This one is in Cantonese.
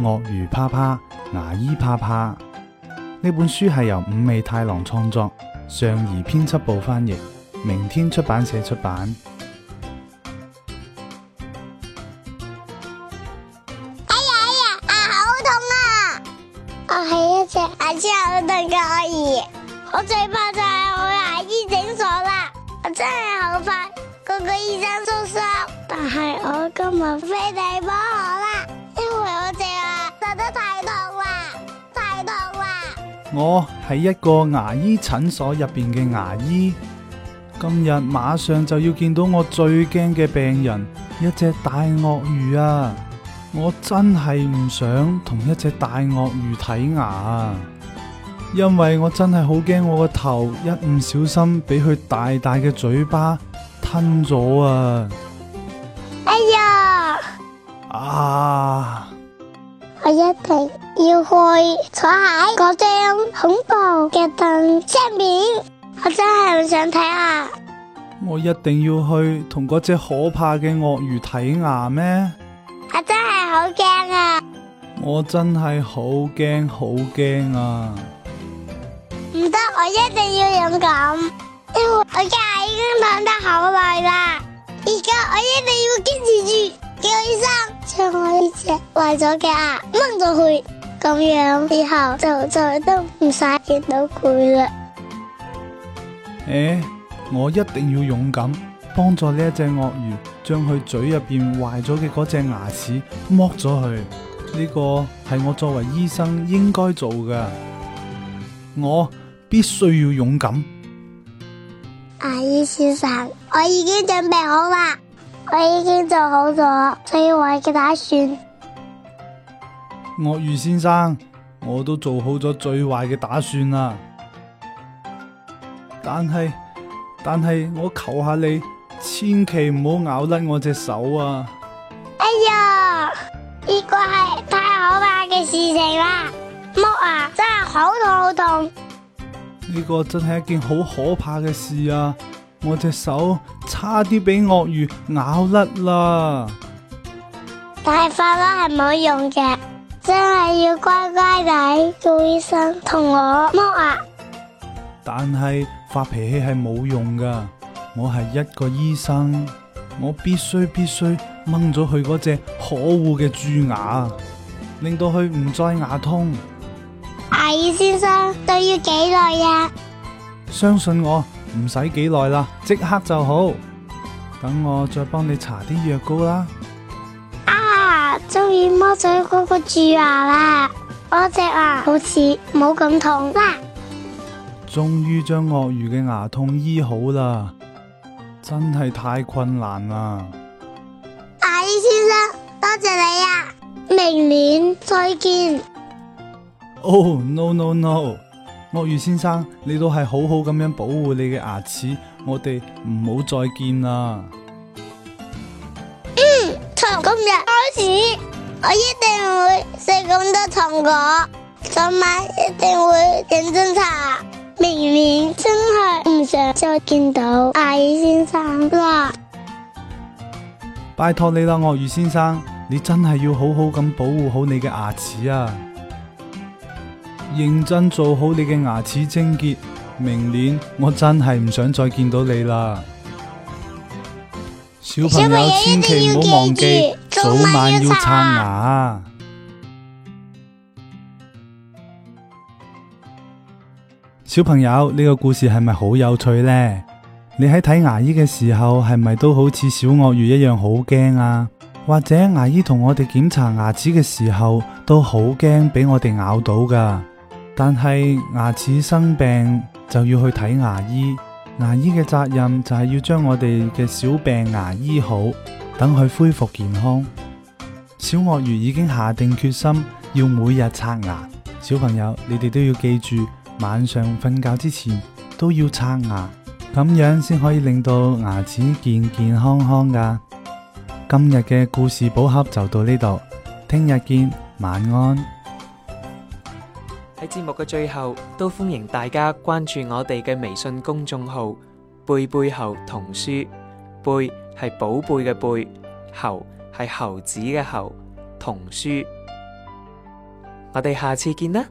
鱷魚怕怕，牙醫怕怕。呢本書係由五味太郎創作，上誼編輯部翻譯，明天出版社出版。哎呀哎呀，牙、哎啊、好痛啊！我係一隻牙齒好痛嘅鱷魚，我最怕就係去牙醫診所啦。我真係好怕，嗰個醫生叔叔，但係我今日非你不可。我係一個牙醫診所入邊嘅牙醫，今日馬上就要見到我最驚嘅病人一隻大鱷魚啊！我真係唔想同一隻大鱷魚睇牙啊！因為我真係好驚我個頭一唔小心俾佢大大嘅嘴巴吞咗啊！哎呀！啊！我一定要去坐喺嗰張恐怖嘅凳上面，我真係唔想睇啊！我一定要去同嗰隻可怕嘅鱷魚睇牙咩？我真係好驚啊！我真係好驚好驚啊！唔得，我一定要勇敢，因為我家下已經等得好耐啦。而家我一定要堅持住，叫醫生。將我呢隻壞咗嘅牙掹咗佢，咁樣以後就再都唔使見到佢啦。誒、欸，我一定要勇敢，幫助呢一隻鱷魚將佢嘴入邊壞咗嘅嗰隻牙齒剝咗佢。呢個係我作為醫生應該做嘅，我必須要勇敢。阿姨先生，我已經準備好啦。我已經做好咗最壞嘅打算。鱷魚先生，我都做好咗最壞嘅打算啦。但係，但係我求下你，千祈唔好咬甩我隻手啊！哎呀，呢個係太可怕嘅事情啦，剝啊，真係好痛好痛！呢個真係一件好可怕嘅事啊！我隻手差啲俾鱷魚咬甩啦！但係發嬲，係冇用嘅，真係要乖乖哋做、那個、醫生同我剝牙、啊。但係發脾氣係冇用噶，我係一個醫生，我必須必須掹咗佢嗰隻可惡嘅蛀牙，令到佢唔再牙痛。牙醫先生，都要幾耐呀？相信我。唔使幾耐啦，即刻就好。等我再幫你搽啲藥膏啦、啊。啊，終於摸咗嗰個蛀牙啦，多只啊，好似冇咁痛啦。終於將鱷魚嘅牙痛醫好啦，真係太困難啦。牙醫先生，多謝你啊！明年再見。哦、oh, no no no！no. 鱷魚先生，你都係好好咁樣保護你嘅牙齒，我哋唔好再見啦。嗯，從今日開始，我一定會食咁多糖果，今晚一定會認真刷。明明真係唔想再見到鱷魚先生啦！拜託你啦，鱷魚先生，你真係要好好咁保護好你嘅牙齒啊！認真做好你嘅牙齒清潔，明年我真係唔想再見到你啦，小朋友，千祈唔好忘記早晚要刷牙。小朋友，呢個故事係咪好有趣呢？你喺睇牙醫嘅時候係咪都好似小鱷魚一樣好驚啊？或者牙醫同我哋檢查牙齒嘅時候都好驚俾我哋咬到噶？但係牙齒生病就要去睇牙醫，牙醫嘅責任就係要將我哋嘅小病牙醫好，等佢恢復健康。小鱷魚已經下定決心要每日刷牙，小朋友你哋都要記住，晚上瞓覺之前都要刷牙，咁樣先可以令到牙齒健健康康㗎。今日嘅故事寶盒就到呢度，聽日見，晚安。喺節目嘅最後，都歡迎大家關注我哋嘅微信公眾號《貝貝猴童書》，貝係寶貝嘅貝，猴係猴子嘅猴，童書，我哋下次見啦。